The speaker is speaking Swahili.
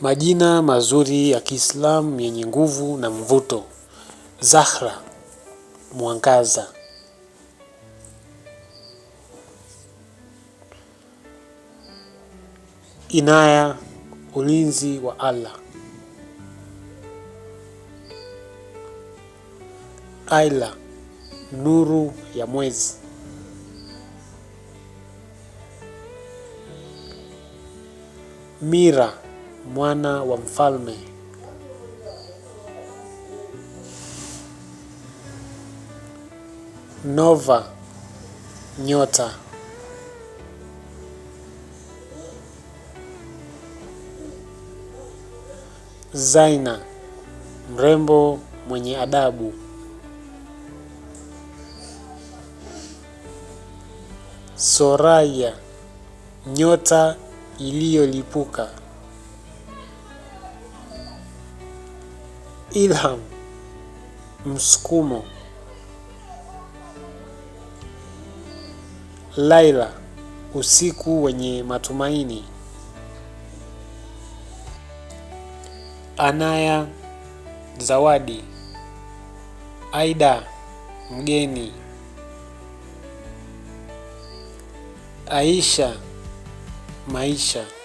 Majina mazuri ya Kiislamu yenye nguvu na mvuto: Zahra, mwangaza. Inaya, ulinzi wa Allah. Aila, nuru ya mwezi. Mira mwana wa mfalme. Nova, nyota. Zaina, mrembo mwenye adabu. Soraya, nyota iliyolipuka. Ilham, msukumo. Laila, usiku wenye matumaini. Anaya, zawadi. Aida, mgeni. Aisha, maisha.